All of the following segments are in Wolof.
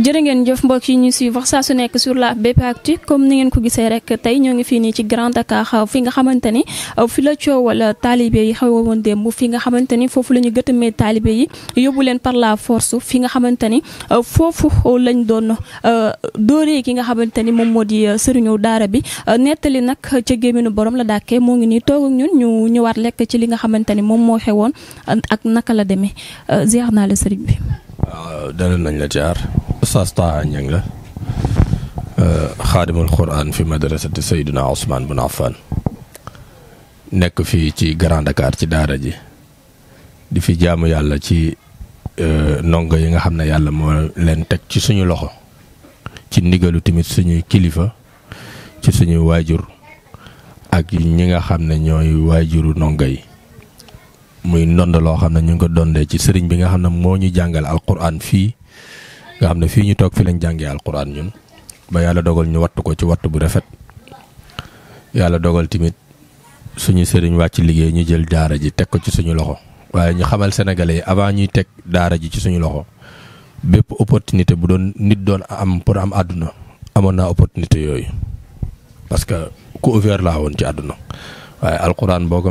jërë ngeen jëf mbokk yi ñu suivre saa su nekk sur la BP Actu comme ni ngeen ko gisee rek tey ñoo ngi fii nii ci Grand Dakar fi nga xamante ni uh, fi la coowal uh, taalibe yi xew woon démb fi nga xamante ni foofu la ñu gëtamee taalibe yi yóbbu leen par la force fi nga xamante ni uh, foofu lañ doon dóoree ki nga xamante ni moom moo di sëriñu daara bi nettali nag ca gémminu borom la dàkkee moo ngi nii toog ñun ñu ñëwaat lekk ci li nga xamante ni moom moo xewoon ak naka la demee ziar naa la sëriñ bi. waaw dalal nañ la jaar Oustaz Taha Niang la euh, xaadimul quran fi madrasati Seydina Ousmane Bun Affan nekk fii ci Grand Dakar ci daara ji di fi jaamu yàlla ci euh, ndongo yi nga xam ne yàlla moo leen teg ci suñu loxo ci ndigalu tamit suñuy kilifa ci suñuy waajur ak ñi nga xam ne ñooy waajuru ndongo yi muy ndond loo xam ne ñu ngi ko dondee ci sëriñ bi nga xam ne moo ñu jàngal alquran fii nga xam ne fii ñu toog fi lañ jàngee alquran ñun ba yàlla dogal ñu wattu ko ci wattu bu rafet yàlla dogal tamit suñu sëriñ wàcc liggéey ñu jël daara ji teg ko ci suñu loxo waaye ñu xamal sénégalais avant ñuy teg daara ji ci suñu loxo bépp opportunité bu doon nit doon am pour am àdduna amoon naa opportunité yooyu parce que ku ouvert laa woon ci àdduna waaye alquran boo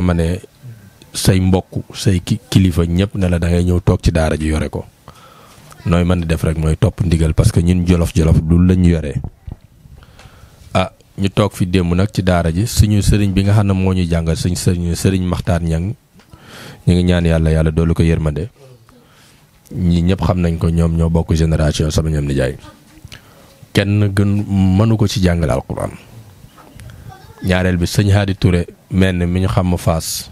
say mbokk say kilifa ñëpp ne la da ñëw toog ci daara ji yore ko nooy man di def rek mooy topp ndigal parce que ñun jolof jolof loolu la ñu yoree ah, ñu toog fi démb nag ci daara ji suñu sëriñ bi nga xam ne moo ñu jàngal suñu sëriñ sëriñ Maxtaar Ñang ñu ngi ñaan yàlla yàlla doolu ko yërmande ñi ñëpp xam nañ ko ñoom ñoo bokk génération sama ñoom nijaay kenn gën mënu ko ci jàngale alquran ñaareel bi sëñ Hadi Touré mel ni mi ñu xam faas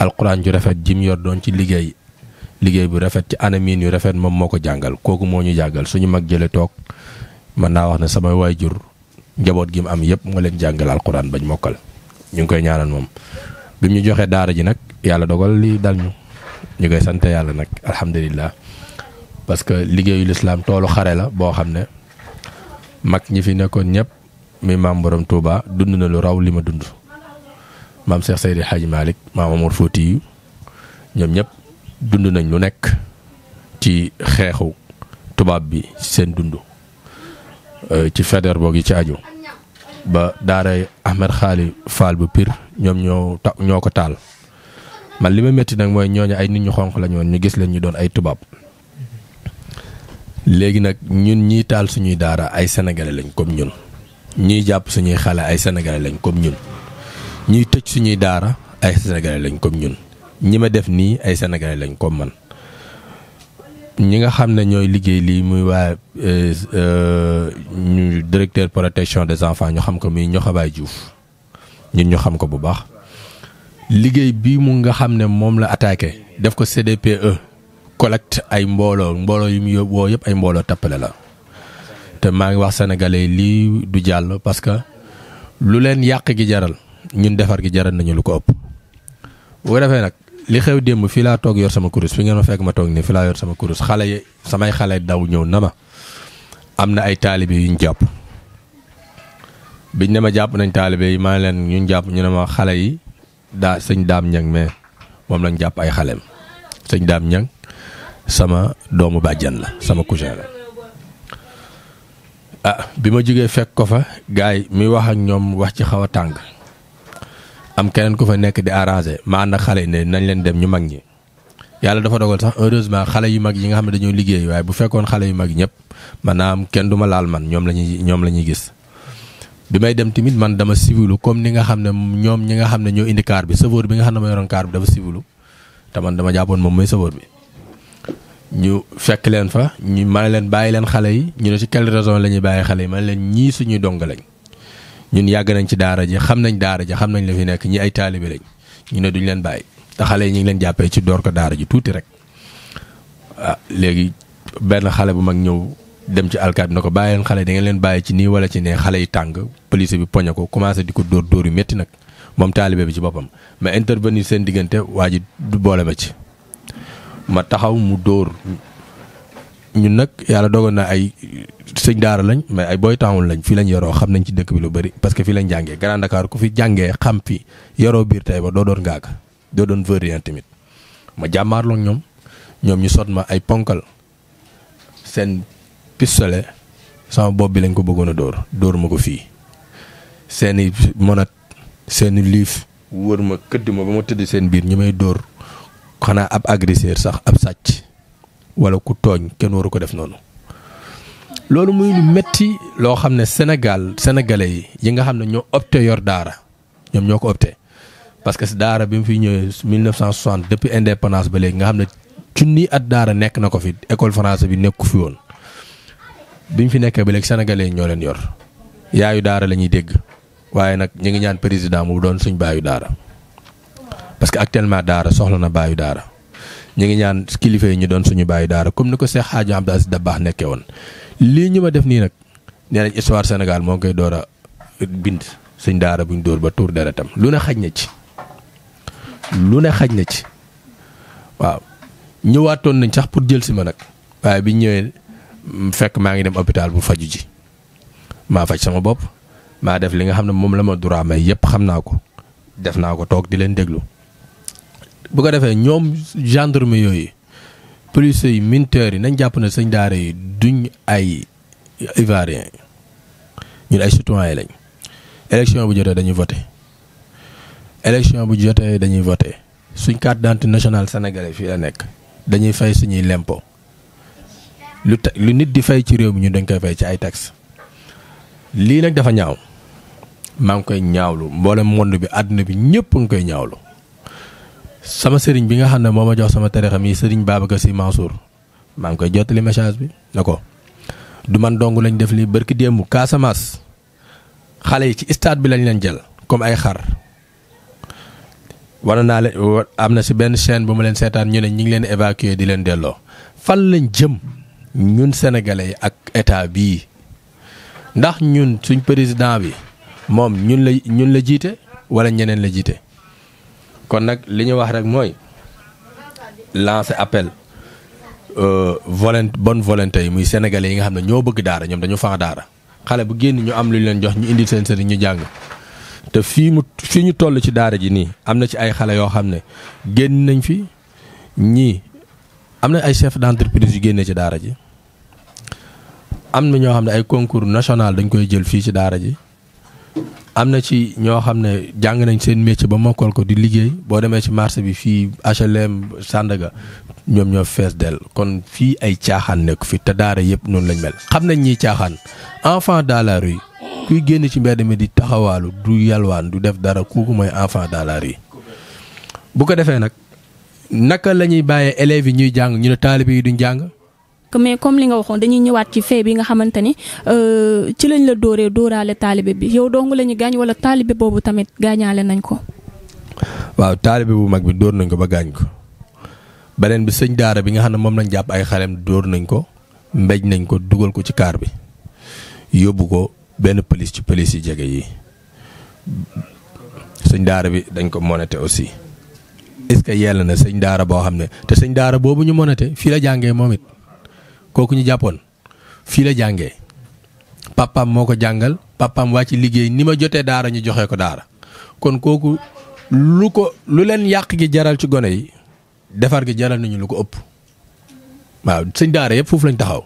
alxuraan ju rafet jim yor doon ci liggéey liggéey bu rafet ci anamiin yu rafet moom moo ko jàngal kooku moo ñu jàngal suñu mag jële toog mën naa wax ne samay waajur njaboot gi mu am yëpp moo leen jàngal alxuraan bañ mokkal ñu ngi koy ñaanal moom bi mu joxee daara ji nag yàlla dogal li dal ñu ñu koy sant yàlla nag alhamdulilah parce que liggéeyu lislaam toolu xare la boo xam ne mag ñi fi nekkoon ñëpp mi maam borom Touba dund na lu raw li ma dund. maam Cheikh Seydi Hadji Malick maam Omar Foutiyou ñoom ñëpp dund nañ lu nekk ci xeexu tubaab bi seen dund euh, ci feder boog yi ci aju ba daaray Ahmed Xaali Fall bu Pire ñoom ñoo ta ñoo ko taal man li ma métti nag mooy ñooñu ay nit ñu xonq lañu ñu gis leen ñu doon ay tubaab léegi nag ñun ñiy taal suñuy daara ay sénégalais lañ kom ñun ñiy jàpp suñuy xale ay sénégalais lañ comme ñun. ñuy tëj suñuy daara ay sénégalais lañ comme ñun ñi ma def nii ay sénégalais lañ comme man ñi nga xam ne ñooy liggéey lii muy waa ñu euh, euh, directeur protection des enfants ñu xam ko muy Ñoxabaay Diouf ñun ñu xam ko bu baax liggéey bii mu nga xam ne moom la attaqué def ko CDPE collecte ay mbooloo mbooloo yu mu yóbboo yëpp ay mbooloo tappale la te maa ngi wax sénégalais lii du jàll parce que lu leen yàq gi jaral. ñun defar gi jaral nañu lu ko ëpp. bu ko defee nag li xew démb fii laa toog yor sama kurus fi ngeen ma fekk ma toog nii fi laa yor sama kurus xale yi samay xale daw ñëw na ma am na ay taalibe yu ñu jàpp biñ ne ma jàpp nañ taalibe yi maa ngi leen ñu jàpp ñu ne ma xale yi daa sëñ daam ñang mais moom lañ jàpp ay xaleem sëñ daam ñang sama doomu bàjjan la sama cousin la ah bi ma jógee fekk ko fa gaay mi wax ak ñoom wax ci xaw a tàng am keneen ku fa nekk di arrangé ma ànd xale yi ne nañ leen dem ñu mag ñi yàlla dafa dogal sax heureusement xale yu mag yi nga xam ne dañoo liggéey waaye bu fekkoon xale yu mag ñëpp maanaam kenn du laal man ñoom la ñuy ñoom la ñuy gis. bi may dem tamit man dama civilu comme ni nga xam ne ñoom ñi nga xam ne ñoo indi kaar bi chauffeur bi nga xam ne ma yoroon kaar bi dafa civilu te man dama jàppoon moom mooy chauffeur bi. ñu fekk leen fa ñu ma leen bàyyi leen xale yi ñu ne ci quelle la ñuy bàyyi xale yi ma leen ñii suñuy dong lañ ñun yàgg nañ ci daara ji xam nañ daara ji xam nañ la nekk ñi ay taalibe lañ ñu ne duñ leen bàyyi te xale yi ñu ngi leen jàppee ci door ko daara ji tuuti rek ah léegi benn xale bu mag ñëw dem ci alkaat na ko bàyyi leen xale da ngeen leen bàyyi ci nii wala ci ne xale yi tàng police bi poñe ko commencé di ko dóor dóor yu métti nag moom taalibe bi ci boppam ma intervenir seen diggante waa ji boole ma ci ma taxaw mu dóor ñun nag yàlla dogal na ay sëñ daara lañ mais ay boy town lañ fii lañ yoroo xam nañ ci dëkk bi lu bëri parce que fii lañ jàngee Grand Dakar ku fi jàngee xam fi yoroo biir tey ba doo doon ngaaka doo doon vaurien tamit ma jàmmaarloo ñoom ñoom ñu sot ma ay ponkal seen pistolet sama bopp bi lañ ko bëggoon a dóor dóor ma ko fii seeni monat seeni liif wër ma këdd ma ba ma tëdd seen biir ñu may dóor xanaa ab agresseur sax ab sàcc wala ku tooñ kenn waru ko def noonu loolu muy lu métti loo xam ne Sénégal sénégalais yi yi nga xam ne ñoo opté yor daara ñoom ñoo ko opté parce que daara bi mu fi ñëwee 1960 depuis indépendance ba léegi nga xam ne junni at daara nekk na ko fi école française bi nekku fi woon bi mu fi nekkee ba léegi sénégalais ñoo leen yor yaayu daara la ñuy dégg waaye nag ñu ngi ñaan président mu doon suñ baayu daara parce que actuellement daara soxla na baayu daara. ñu ngi ñaan kilifa yi ñu doon suñu bàyyi daara comme ni ko Cheikh Hadji Abdou Aziz Dabakh nekkee woon lii ñu ma def nii nag nee nañ histoire Sénégal moo koy door a bind suñ daara buñ dóor ba tuur deretam lu ne xaj na ci lu ne xaj na ci waaw ñëwaatoon nañ sax pour jël si ma nag waaye bi ñëwee mm, fekk maa ngi dem hôpital bu faju ji maa faj sama bopp maa def li nga xam ne moom la ma duraa may yëpp xam naa ko def naa ko toog di leen déglu bu ko defee ñoom gendarme yooyu police yi yi nañ jàpp na sëñ daara yi duñ ay ivoirien ñu ay citoyen lañ élection bu jotee dañuy voté élection bu jotee dañuy voté suñ carte d'identité nationale sénégalais fii la nekk dañuy fay suñuy lempo lu ta lu nit di fay ci réew mi ñu dañ koy fay ci ay taxes lii nag dafa ñaaw maa ngi koy ñaawlu mboolem monde bi àdduna bi ñëpp nga koy ñaawlu. sama sëriñ bi nga xam ne moo ma jox sama tarixa mi sëriñ Babacar Sy Mansour maa ngi koy jottali message bi na ko du man dong lañu def lii barki démb Casamance xale yi ci stade bi lañ leen jël comme ay xar wana naa leen am na si benn chaîne bu ma leen seetaan ñu ne ñu ngi leen évacuer di leen delloo fan lañ jëm ñun sénégalais yi ak état bii ndax ñun suñ président bi moom ñun la ñun la jiite wala ñeneen la jiite. kon nag li ñu wax rek mooy lancer appel euh, volonté bonne volonté yi muy sénégalais yi nga xam ne ñoo bëgg daara ñoom dañu faa daara xale bu génn ñu am lu leen jox ñu indi seen sëriñ ñu jàng te fii mu fii ñu toll ci daara ji nii am na ci ay xale yoo xam ne génn nañ fi ñii am na ay chef d'entreprise yu génnee ci daara ji am na ñoo xam ne ay concours nationale dañ koy jël fii ci daara ji am na ci ñoo xam ne jàng nañ seen métier ba mokkal ko di liggéey boo demee ci marché bi fii HLM Sandaga ñoom ñoo fees del kon fii ay caaxaan nekk fi te daara yëpp noonu lañ mel. xam nañ ñiy caaxaan enfant dans la rue kuy génn ci mbedd mi di taxawaalu du yalwaan du def dara kooku mooy enfant dans la rue bu ko defee nag naka lañuy bàyyee élèves yi ñuy jàng ñu ne taalibe yi duñ jàng. mais comme li nga waxoon dañuy ñëwaat ci fee bi nga xamante ni euh, ci lañ la dóoree dóoraale taalibe bi yow dong la ñu gaañ wala taalibe boobu tamit gaañaale nañ ko. waaw taalibe bu mag bi dóor nañ ko ba gaañ ko beneen bi sëñ daara bi nga xam ne moom lañ jàpp ay xalem dóor nañ ko mbéj nañ ko dugal ko ci kaar bi yóbbu ko benn pëlis ci pëlis yi jege yi sëñ daara bi dañ ko monété aussi. est-ce que yell na sëñ daara boo xam ne te sëñ daara boobu ñu monété fii la jàngee moom it kooku ñu jàppoon fii la jàngee papaam moo ko jàngal waa ci liggéey ni ma jotee daara ñu joxe ko daara kon kooku lu ko lu leen yàq gi jaral ci gone yi defar gi jaral nañu lu ko ëpp waaw sëñ daara yëpp foofu lañ taxaw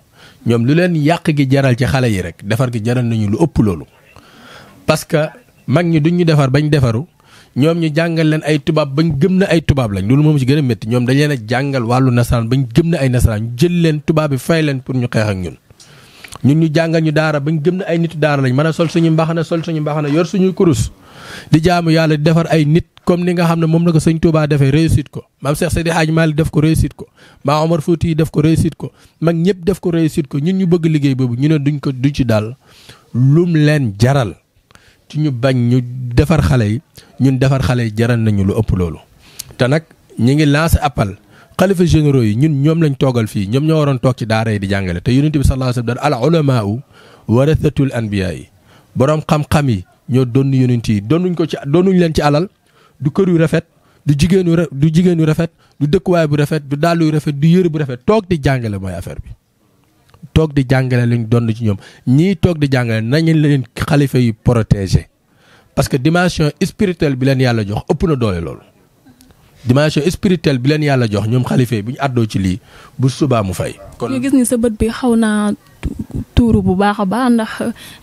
ñoom lu leen yàq gi jaral ci xale yi rek defar gi jaral nañu lu ëpp loolu parce que mag ñi duñ ñu defar bañ defaru ñoom ñu jàngal leen ay tubaab bañ gëm na ay tubaab lañ loolu moom ci gën a métti ñoom dañ leen a jàngal wàllu nasaraan bañ gëm na ay nasaraan ñu jël leen tubaab bi fay leen pour ñu xeex ak ñun ñun ñu jàngal ñu daara bañ gëm na ay nit daara lañ mën a sol suñu mbaxana sol suñu mbaxana yor suñuy kurus di jaamu yàlla di defar ay nit comme ni nga xam ne moom na ko sëñ Touba defee réussite ko maam Cheikh Seydi Hadj Malick def ko réussite ko maam Omar Fouti def ko réussite ko mag ñëpp def ko réussite ko ñun ñu bëgg liggéey boobu ñu ne duñ ko duñ ci daal lum leen jaral ci ñu bañ ñu defar xale yi ñun defar xale yi jaral nañu lu ëpp loolu te nag ñi ngi lancé appal xalifa généraux yi ñun ñoom lañ toogal fii ñoom ñoo waroon toog ci daara yi di jàngale te yonent bi sallallahu alayhi wa sallam al ulamaau warathatul anbiya yi boroom xam-xam yi ñoo donn yonent yi donnuñ ko ci donnuñ leen ci alal du kër yu rafet du jigéenu du jigéenu rafet du dëkkuwaay bu rafet du dàllu rafet du yëre bu rafet toog di jàngale mooy affaire bi toog di jàngale luñ doon ci ñoom ñii toog di jàngale nañu leen xalifa yu protéger parce que dimension spirituelle bi leen yàlla jox ëpp na doole loolu. dimension spirituelle bi leen yàlla jox ñoom xalifa yi bu ñu àddoo ci lii bu subaa mu fay. kon ñu gis ni sa bët bi xaw naa tuuru bu baax a baax ndax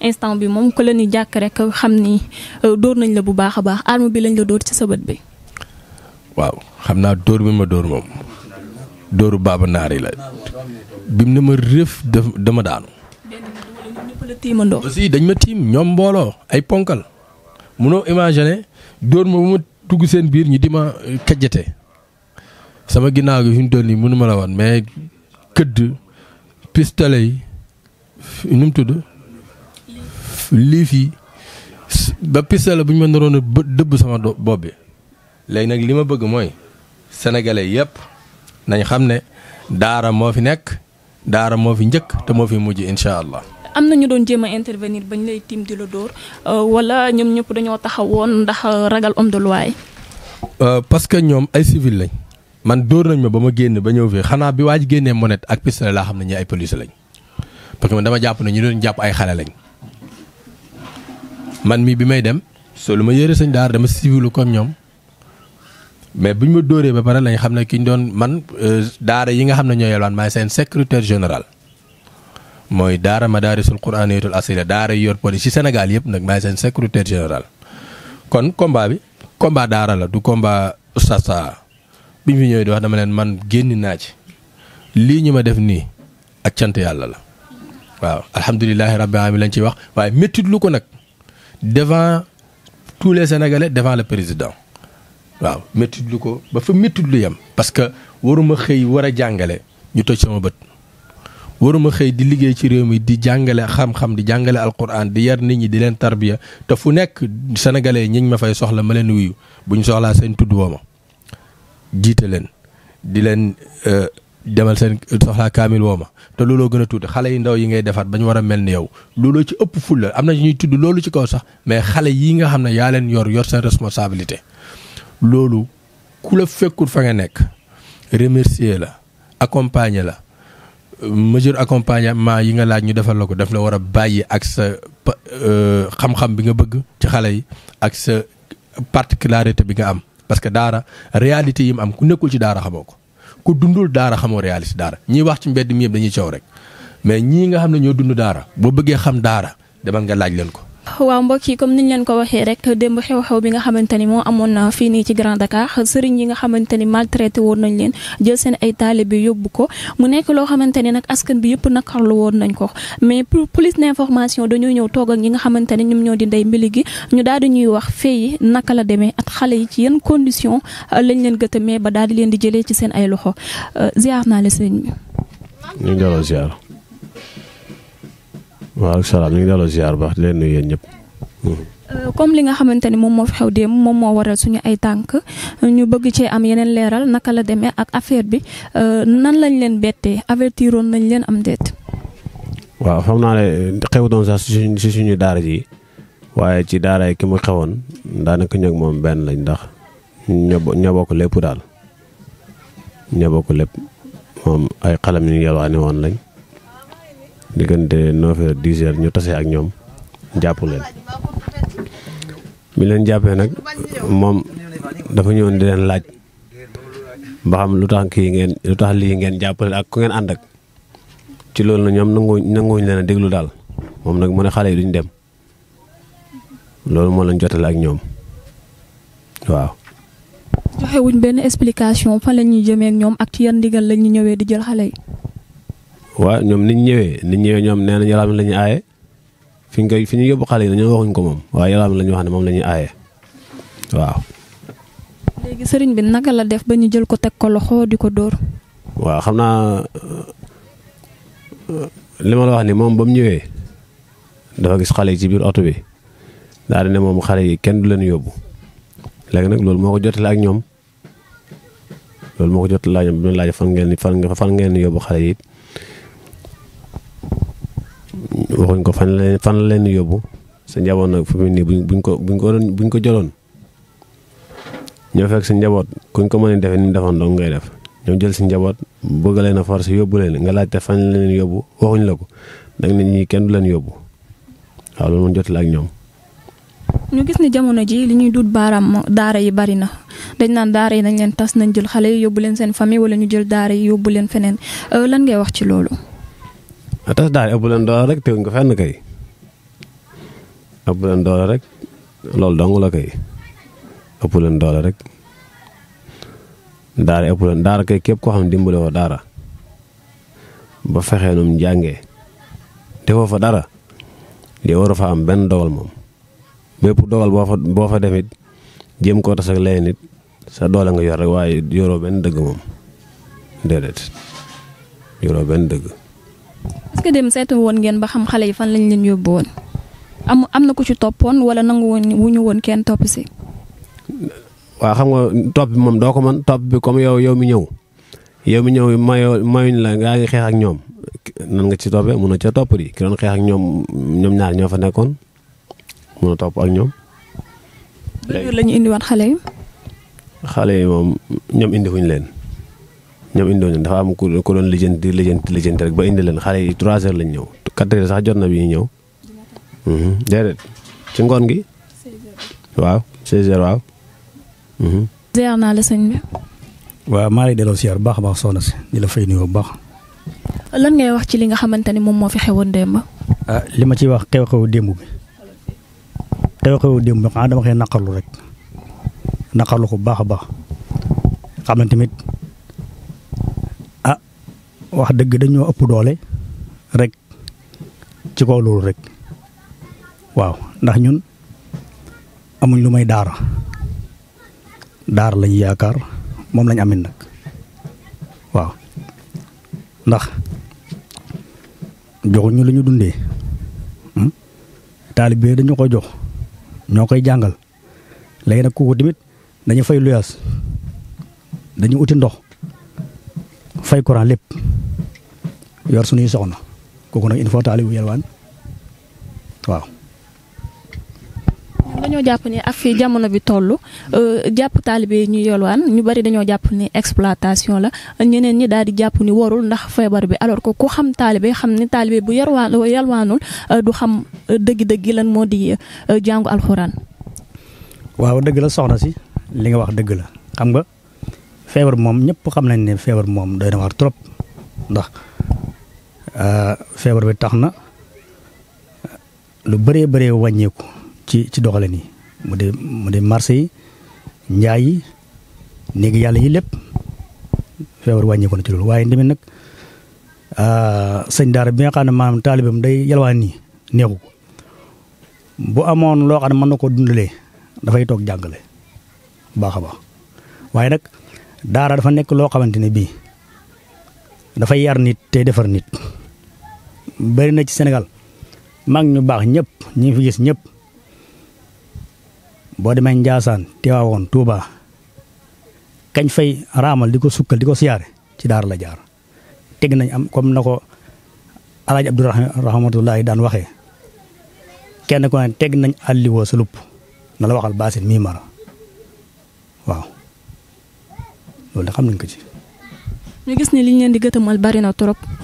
instant bi moom ko leen di jàkk rek xam ni euh, dóor nañ la bu baax a baax arme bi lañ la door ci sa bët bi. waaw xam naa dóor bi ma dóor moom dóoru baaba naar yi bi mu ne ma rëf dama daanu. aussi dañ ma tiim ñoom mbooloo ay ponkal munoo imaginer dóor moo bu ma tugg seen biir ñi di ma euh, kajjate sama ginnaaw gi fi mu toll nii mënu ma la woon mais këdd pistolet yi nu tudd liif yi ba pistolet bu ñu ma naroon a dëbb sama bopp bi léegi nag li ma bëgg mooy sénégalais yëpp nañ xam ne daara moo fi nekk. daara moo fi njëkk te moo fi mujj incha allah. am na ñu doon jéem a intervenir bañ lay tiim di la dóor euh, wala ñoom ñëpp dañoo taxawoon ndax euh, ragal homme de loi euh, parce que ñoom ay civil lañ man dóor nañ ma ba ma génn ba ñëw fii xanaa bi waa ji génnee monette ak pistolet laa xam ne ñi ay police lañ parce que dama jàpp na ñu doon jàpp ay xale lañ man mii bi may dem soo lu ma yëre sañ daar dama civilu comme ñoom. mais bu ñu ma dóoree ba pare lañ xam ne ki ñu doon man euh, daara yi nga xam ne ñoo yelwaan maay seen secrétaire général mooy daara madaarisul quraaniyatul asila daara yor police ci Sénégal yëpp nag maay seen secrétaire général kon combat bi combat daara la du combat sasa bi ñu fi ñëwee di wax dama leen man génn naa ci lii ñu ma def nii ak cant yàlla la waaw alhamdulilahi rabbi alamin lañ ciy wax waaye méttit lu ko nag devant tous les sénégalais devant le président waaw métti ko ba fa métti lu yem. parce que waruma xëy war a jàngale ñu toj sama bët waruma xëy di liggéey ci réew mi di jàngale xam-xam di jàngale alquran di yar nit ñi di leen tarbiya te fu nekk sénégalais ñi ma fay soxla ma leen wuyu bu ñu soxlaa seen tudd ma jiite leen di leen euh, demal seen soxlaa kaamil woo ma te looloo gën a tuuti xale yi ndaw yi ngay defaat ba ñu war a mel ni yow looloo ci ëpp fulla am na ñuy tudd loolu ci kaw sax mais xale yi nga xam ne yaa leen yor yor seen responsabilité. loolu ku la fekkul fa nga nekk remercier la accompagner la mesure accompagnement yi nga laaj ñu defal la ko daf la war a bàyyi ak sa euh, xam-xam bi nga bëgg ci xale yi ak sa particularité bi nga am parce que daara réalité yi mu am ku nekkul ci daara xamoo ko ku dundul daara xamoo réalité daara ñiy wax ci mbedd mi yëpp dañuy coow rek mais ñii nga xam ne ñoo dund daara boo bëggee xam daara demal nga laaj leen ko. waaw mbokk yi comme niñ leen ko waxee rek démb xew-xew bi nga xamante ni moo amoon na ah, fii nii ci Grand Dakar sëriñ yi nga xamante ni maltraité woon nañ leen jël seen ay taalibe yóbbu ko mu nekk loo xamante ni nag askan bi yëpp nakarlu woon nañ ko mais police d'information dañoo ñëw toog ak ñi nga xamante ni ñoom ñoo di ndey mbili gi ñu daal di ñuy wax fee naka la demee ak xale yi ci yan condition ah, lañ leen mais ba daal di leen di jëlee ci seen ay loxo ah, ziar naa la sëriñ bi. ñu ngi ziar. waaw salaam li ngi delloo ziar baax leen nuyu yéen ñëpp. Euh, comme li nga xamante ni moom moo fi xew démb moom moo waral suñu ay tànk ñu bëgg cee am yeneen leeral naka la demee ak affaire bi euh, nan lañ leen bettee avertiroon nañ leen am déet. waaw xam naa ne xew doon sax suñu daara ji waaye ci daara yi ki mu xewoon daanaka ñëg moom benn lañ ndax ña bokk lépp daal ña bokk lépp moom ay xalam yu ñu woon lañ. diggante 9h 10h ñu tase ak ñoom jàpp leen. mi leen jàppee nag moom dafa ñëwoon di leen laaj ba xam lu tax kii ngeen lu tax lii ngeen jàppale ak ku ngeen ànd ak ci loolu na ñoom nanguwuñ nanguwuñ leen a déglu daal moom nag mu ne xale yi duñ dem loolu moo leen jotale ak ñoom waaw. joxewuñ benn explication fan la ñuy jëmee ñoom ak ci yan ndigal la ñuy ñëwee di jël waaw ñoom niñ ñëwee niñ ñëwee ñoom nee nañ yalaamin la ñuy aaye fi ñu koy fi ñu yóbbu xale yi dañoo waxuñ ko moom waaye yalaamin la ñuy wax ne moom la ñuy waaw. sëriñ bi naka la def ba ñu jël ko teg ko loxo di ko dóor. waaw xam naa li ma la wax ni moom ba ñëwee dafa gis xale yi ci biir oto bi daal di ne moom xale yi kenn du leen yóbbu léegi nag loolu moo ko jotale ak ñoom loolu moo ko jotale ak ñoom bu ñu laaj fan ngeen fan ngeen yóbbu xale yi. waxuñ ko fan la fan la leen yóbbu sa njaboot nag fu mu nii buñ ko buñ ko buñ ko jëloon ñoo fekk sa njaboot kuñ ko mën a defe ni mu defoon doon ngay def ñoo jël si njaboot bëgg leen a force yóbbu leen nga laajte fan la leen yóbbu waxuñ la ko danga ne ñii kenn du leen yóbbu waaw loolu moom jot la ak ñoom. ñu gis ne jamono ji li ñuy dut baaraam daara yi bari na dañ naan daara yi nañ leen tas nañ jël xale yi yóbbu leen seen fami walla ñu jël daara yi yóbbu leen feneen euh, lan ngay wax ci loolu. tas daar ëpp leen doole rek tegu nga fenn kay ëpp leen doole rek loolu dong la kay ëpp leen doole rek daara ëpp leen daara kay képp koo xam ne dimbale woo daara ba fexee num jàngee defoo fa dara di war a fa am benn dogal moom bépp dogal boo fa boo fa def it jéem koo tas ak leen it sa doole nga yor rek waaye yoroo benn dëgg moom déedéet yoroo benn dëgg. est que dem seetu woon ngeen ba xam xale yi fan lañ leen yóbbu woon am am na ku ci toppoon wala nangu woon wu ñu woon kenn topp si. waaw xam nga topp bi moom doo ko mën topp bi comme yow yow mi ñëw yow mi ñëw mayoo mayuñ la yaa xeex ak ñoom nan nga ci toppee mun a ca topp di ki doon xeex ak ñoom ñoom ñaar ñoo fa nekkoon mun a topp ak ñoom. léegi la indiwaat xale yi. xale yi moom ñoom indiwuñ leen. ñoom indoo leen dafa am ku doon lijjanti lijjanti lijjanti rek ba indi leen xale yi 3 heures lañ ñëw 4 heures sax jot na bi ñu ñëw. Mhm. déedéet ngoon ngi waaw 16 heures waaw. Mhm. ziar naa la sëñ bi. waaw maa lay delloo ziar baax baax soxna si di la fay nuyoo bu baax. lan ngay wax ci li nga xamante ni moom moo fi xewoon démb. ah li ma ciy wax xew-xewu démb bi. xew-xewu démb bi xanaa ah, dama koy naqarlu rek naqarlu ko bu baax a baax xam na wax dëgg dañoo ëpp doole rek ci kaw loolu rek waaw ndax ñun amuñ lu may daara daara lañu yaakaar moom lañ amit nag waaw ndax joxuñu lu ñu dundee hmm? taalibe dañu ko jox ñoo koy jàngal léegi nag kooku tamit dañu fay luyaas dañu uti ndox fay courant lépp yor suñuy soxna kooku nag il faut taalibu yelwaan waaw. dañoo jàpp ne ak jamono bi toll euh, jàpp taalibe yi ñu yelwaan ñu bari dañoo jàpp ni exploitation la ñeneen ñi daal di jàpp ni warul ndax feebar bi alors ko ku xam taalibe xam ni taalibe bu yarwaan yelwaanul euh, du xam euh, dëgg-dëgg lan moo di jàngu alxuraan. waaw dëgg la soxna si li nga wax dëgg la xam nga feebar moom ñëpp xam nañ ne feebar moom doy na waar trop ndax Euh, feebar bi tax na lu bëree bëree wàññeeku ci ci doxalin yi mu de mu de yi njaay yi néegi yàlla yi lépp feebar wàññeeku na ci loolu waaye ndimit nag euh, sëñ daara bi nga xam ne maanaam taalibam day yalwaan nii neexu ko bu amoon loo xam ne mën na koo dundalee dafay toog jàngale baax a baax waaye nag daara dafa nekk loo xamante ne bii dafay yar nit te defar nit bari na ci senegal mag ñu baax ñépp ñu ngi fi gis ñëpp boo demee Njaasaan Tiwaawoon Tuuba kañ fay raamal di ko sukkal di ko siyaare ci daara la jaar teg nañ am comme na ko alaaj Abdourahmane rahmatullahi daan waxee kenn ko ne teg nañ àlliwoo sa lupp na la waxal baasin mii mara waaw loolu xam nañ ko ci ñu gis ni liñ leen di gëtëmal bari na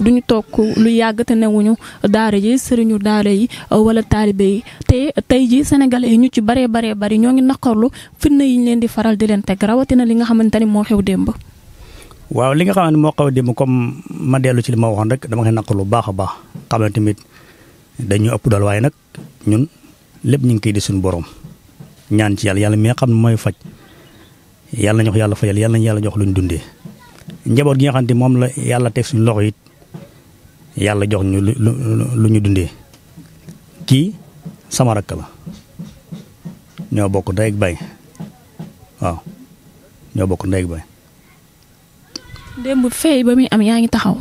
du ñu toog lu yàgg te newuñu daara ji sëriñu daara yi euh, wala taalibe yi te tey ji senegal yi ñu ci baree bare bari ñoo ngi naqarlu fitna yi ñu leen di faral di leen teg rawatina li nga xamante ni moo xew démb. waaw li nga xam ni moo xaw a démb comme ma dellu ci li ma waxoon rek dama koy naqarlu baax a baax xam ne tamit dañu ëpp dal waaye nag ñun lépp ñu ngi koy di suñu borom ñaan ci yàlla yàlla mi xam mooy faj yàlla nañu ko yàlla yàlla nañu yàlla jox dundee njaboot gi nga xam ne moom la yàlla teg suñu loxo it yàlla jox ñu lu ñu dundee kii sama rakk la ñoo bokk ndey ak baay waaw ñoo bokk ndey ak baay. démb fay ba muy am yaa ngi taxaw.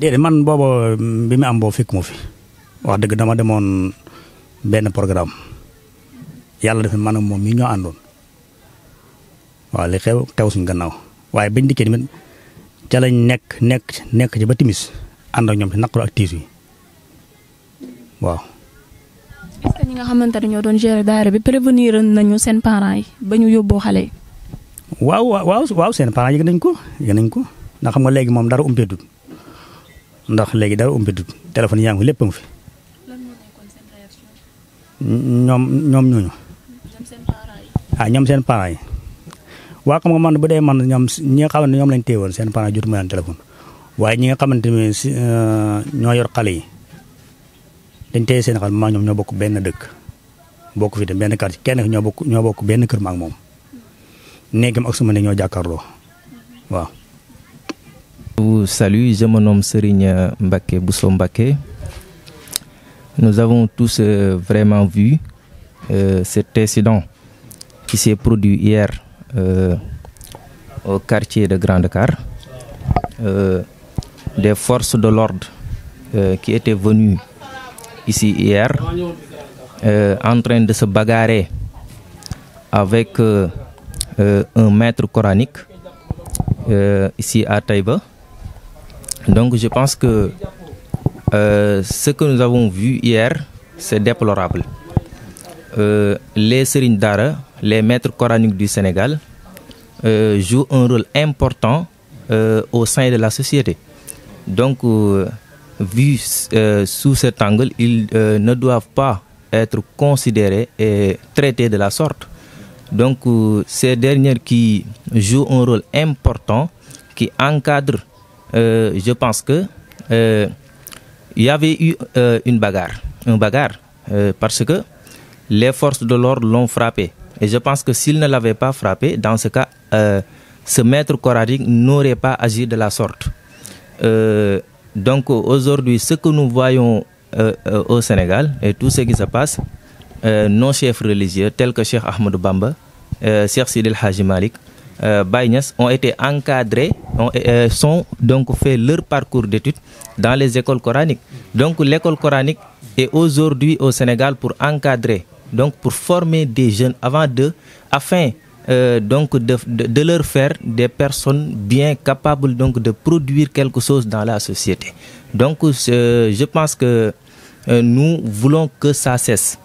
déedéet man booba mm, bi mu am boo fekk mu fi wax dëgg dama demoon benn programme yàlla def man moom mii ñoo àndoon waaw li xew xew suñu gannaaw waaye bañ dikkee tamit ca lañ nekk nekk nekk ci ba timis ànd ak ñoom ci naqaru ak tiis yi waaw. est ñi nga xamante ne ñoo doon gérer daara bi prévenir nañu seen parent yi ba ñu yóbboo xale yi. waaw waaw waaw seen parents yëg nañ ko yëg nañ ko ndax xam nga léegi moom dara umpeetut ndax léegi dara umpeetut téléphone yaa ngi fi lépp a fi. ñoom ñoom ñooñu. ah ñoom seen parents yi. waa xam nga man bu man ñoom ñi nga xamante ñoom lañ téewoon seen parents jot mu naan téléphone waaye ñi nga xamante ne si euh, ñoo yor xale yi dañ téye seen xale maa ñoom ñoo bokk benn dëkk bokk fi dem benn quartier kenn ñoo bokk ñoo bokk benn kër ma ak moom néegam ak suma néeg ñoo jàkkaarloo waaw. Salut, je me nomme Serigne Mbake Bousso Mbake. Nous avons tous euh, vraiment vu euh, cet incident qui s'est produit hier Euh, au quartier de grande Dakar euh, des forces de l'ordre euh, qui étaient venues ici hier en train de se bagarrer avec un maître coranique ici à Taïba. Donc je pense que euh, ce que nous avons vu hier, c'est déplorable. Euh, les les maîtres coraniques du Sénégal euh, jouent un rôle important euh, au sein de la société. Donc, euh, vu euh, sous cet angle, ils euh, ne doivent pas être considérés et traités de la sorte. Donc, euh, ces dernières qui jouent un rôle important, qui encadrent, je pense que il y avait eu une bagarre, un bagarre, parce que les forces de l'ordre l'ont frappé. je pense que s'il ne l'avait pas frappé, dans ce cas, euh, ce maître coranique n'aurait pas agi de la sorte. Euh, donc aujourd'hui, ce que nous voyons euh, euh, au Sénégal et tout ce qui se passe, nos chefs religieux tels que Cheikh Ahmed Bamba, Cheikh Sidil Haji Malik, Baïnes ont été encadrés, ont, sont donc fait leur parcours d'études dans les écoles coraniques. Donc l'école coranique est aujourd'hui au Sénégal pour encadrer donc pour former des jeunes avant de, afin euh, donc de, de, de, leur faire des personnes bien capables donc de produire quelque sose dans la société. Donc euh, je pense que euh, nous voulons que ça cesse.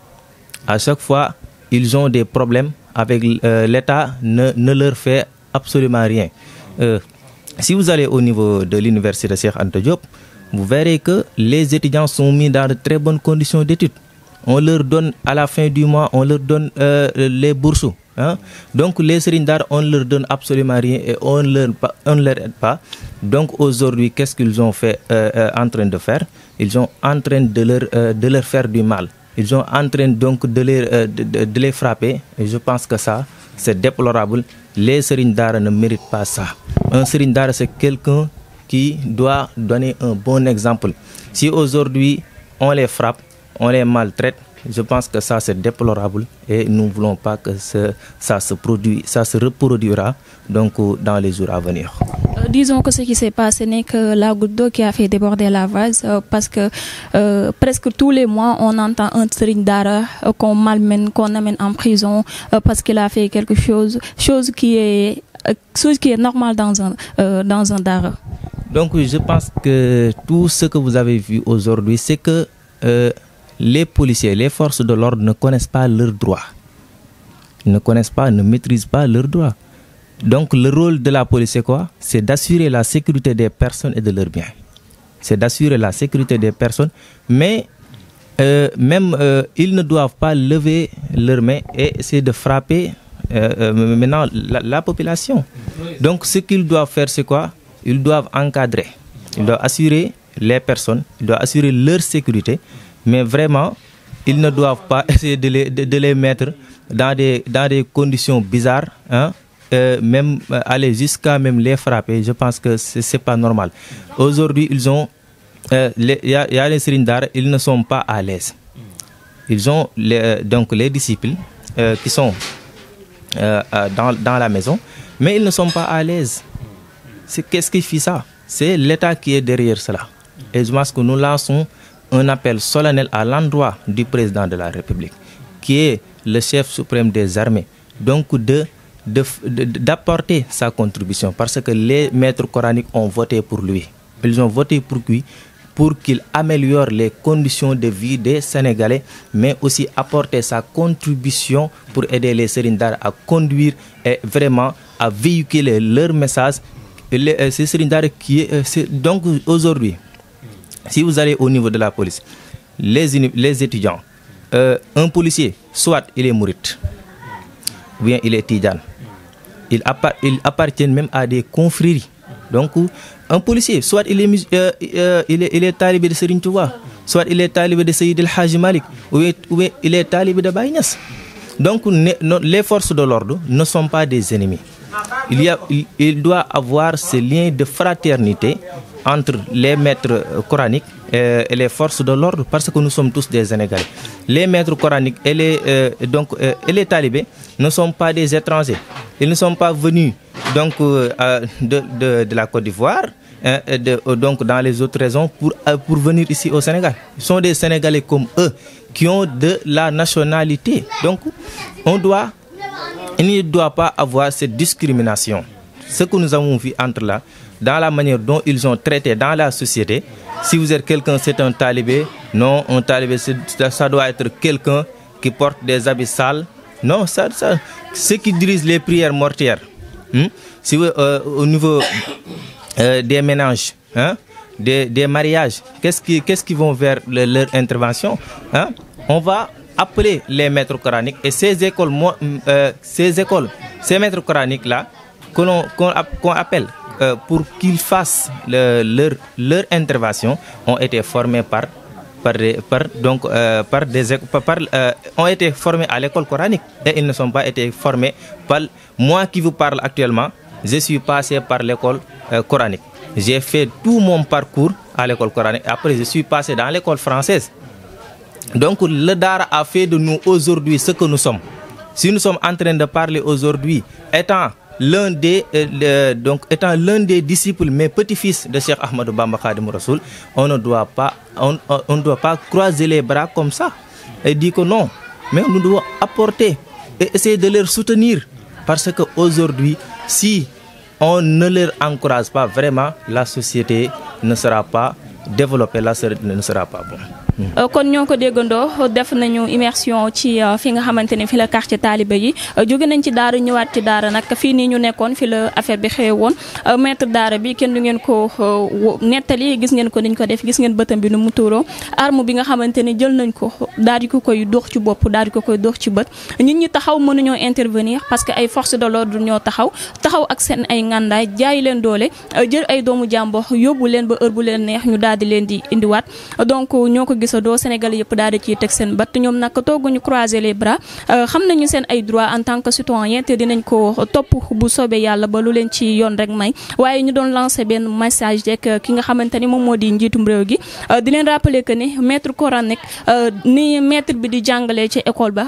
À chaque fois, ils ont des problèmes avec euh, l'État, ne, ne, leur fait absolument rien. Euh, si vous allez au niveau de l'université Cheikh Anta Diop, vous verrez que les étudiants sont mis dans de très bonnes conditions d'études. on leur donne à la fin du mois, on leur donne euh, les bourses. Hein? Donc les serindars, on leur donne absolument rien et on ne leur, on leur aide pas. Donc aujourd'hui, qu'est-ce qu'ils ont fait euh, euh, de faire Ils sont en train de leur, euh, de leur faire du mal. Ils sont en donc de les, euh, de, les frapper. je pense que ça, c'est déplorable. Les serindars ne méritent pas ça. Un serindar, c'est quelqu'un qui doit donner un bon exemple. Si aujourd'hui, on les frappe, on les maltraite. Je pense que ça, c'est déplorable et nous ne voulons pas que ce, ça, se produit, euh, ce n'est que la goutte d'eau qui a fait déborder la vase euh, parce que euh, presque tous les mois, on entend un string d'ara qu'on malmène, qu'on amène en prison parce qu'il a fait quelque chose, qui est, chose dans un, dans un dara. Donc, je pense que tout ce que vous avez vu aujourd'hui, c'est que les policiers, les forces de l'ordre ne connaissent pas leurs droits. Ils ne connaissent pas, ne maîtrisent pas leurs droits. Donc le rôle de la police, c'est quoi C'est d'assurer la sécurité des personnes et de leurs biens. C'est d'assurer la sécurité des personnes, mais euh, même euh, ils ne doivent pas lever leurs mains et essayer de frapper euh, euh maintenant la, la, population. Donc ce qu'ils doivent faire, c'est quoi Ils doivent encadrer, ils doivent assurer les personnes, ils doivent assurer leur sécurité. mais vraiment ils ne doivent pas essayer de les, de, les mettre dans des, dans des conditions bizarres, hein, euh, même euh, aller jusqu'à même les frapper. Je pense que ce n'est pas normal. Aujourd'hui, ils ont, euh, les, y y a les Srindar, ils ne sont pas à l'aise. Ils les, euh, donc les disciples euh, qui sont dans, dans, la maison, mais ils ne sont pas à l'aise. C'est qu'est-ce qui fait ça C'est l'État qui est derrière cela. Et je pense que nous lançons un appel solennel à l'endroit du président de la République, qui est le chef suprême des armées, donc de d'apporter sa contribution parce que les maîtres coraniques ont voté pour lui. Ils ont voté pour lui pour qu'il améliore les conditions de vie des Sénégalais, mais aussi apporter sa contribution pour aider les Sérindars à conduire et vraiment à véhiculer leur message. Euh, euh, c'est donc aujourd'hui Si vous allez au niveau de la police, les, les étudiants, euh, un policier, soit il est mourite, ou bien il est tidjan. Il, appartient même à des confréries. Donc, en policier, soit il est, euh, euh, il est, il est talibé de Serine Touba, soit il est talibé de Sayyid al-Hajj Malik, ou, ou il est talibé de Baynas. Donc, les forces de l'ordre ne sont pas des ennemis. il, y a, il, il doit avoir ce lien de fraternité entre les maîtres coraniques et, euh, et les forces de l'ordre parce que nous sommes tous des Sénégalais. Les maîtres coraniques et les, euh, donc, euh, et les talibés ne sont pas des étrangers. Ils ne sont pas venus donc, euh, de, de, de, la Côte d'Ivoire, hein, euh, donc dans les autres raisons, pour, pour venir ici au Sénégal. Ils sont des Sénégalais comme eux qui ont de la nationalité. Donc, on doit Il ne doit pas avoir cette discrimination. Ce que nous avons vu entre la dans la manière dont ils ont traité dans la société, si vous êtes quelqu'un, c'est un talibé. Non, un talibé, ça doit être quelqu'un qui porte des habits sales. Non, ça, ça ceux qui dirigent les prières mortières, hein? Hmm, si vous, euh, au niveau euh, des ménages, hein? des, des, mariages, qu'est-ce qu'ils qu qui vont vers leur intervention hein? On va appeler les maîtres coraniques et ces écoles, euh, ces écoles, ces maîtres coraniques-là, qu'on qu appelle euh, pour qu'ils fassent le, leur, intervention, ont été formés par par des, par, donc, euh, par des, par, euh, ont été formés à l'école coranique et ils ne sont pas été formés par moi qui vous parle actuellement. Je suis passé par l'école euh, coranique. J'ai fait tout mon parcours à l'école coranique. Après, je suis passé dans l'école française. Donc le daar a fait de nous aujourd'hui ce que nous sommes. Si nous sommes en train de parler aujourd'hui, étant l'un des, euh, donc, étant l'un des disciples, mais petit-fils de Cheikh Ahmadou Bamba Khadim Rasoul, on ne doit pas, on, on doit pas croiser les bras comme ça et dire non. Mais nous devons apporter et essayer de les soutenir. Parce qu'aujourd'hui, si on ne les encourage pas vraiment, la société ne sera pas développée, la société ne sera pas bonne. Euh, kon ñoo ko déggandoo def nañu immersion ci euh, fi nga xamante ne fi la quartier taalibe yi euh, jóge nañ ci daara ñëwaat ci daara nag fii nii ñu nekkoon fi la affaire bi xew woon maître daara bi kenn du ngeen ko nettali gis ngeen ko niñ ko def gis ngeen bëtam bi nu mu tuuroo arme bi nga xamante ne jël nañ ko daal di ko koy dox ci bopp daal di ko koy dox ci bët nit ñi taxaw mënuñoo intervenir parce que ay forces de l'ordre ñoo taxaw taxaw ak seen ay ngàndaay jaay leen doole jël ay doomu jàmboo yóbbu leen ba heure bu leen neex ñu daal di leen di indiwaat gisandoo Sénégal yëpp daal di ciy teg seen batt ñoom nag tooguñu croiser les bras euh, xam nañu seen ay droit en tant que citoyen te dinañ ko topp bu soobee yàlla ba lu leen ci yoon rek may waaye ñu doon lancé benn message rek euh, ki nga xamante ni moom moo di njiitum réew gi euh, di leen rappeler que ni maître coranique ni maître bi di jàngalee ci école ba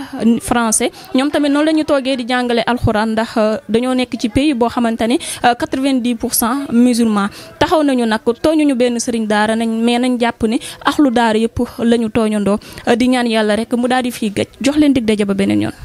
français ñoom tamit noonu la ñu toogee di jàngale alxuraan ndax dañoo nekk ci pays boo xamante ni quatre-vingt-dix pour cent musulman taxaw nañu nag tooñuñu benn sëriñ daara nañ mais nañ la ñu tooñandoo di ñaan yàlla rek mu daal di fii gëj jox leen dig daje ba beneen yoon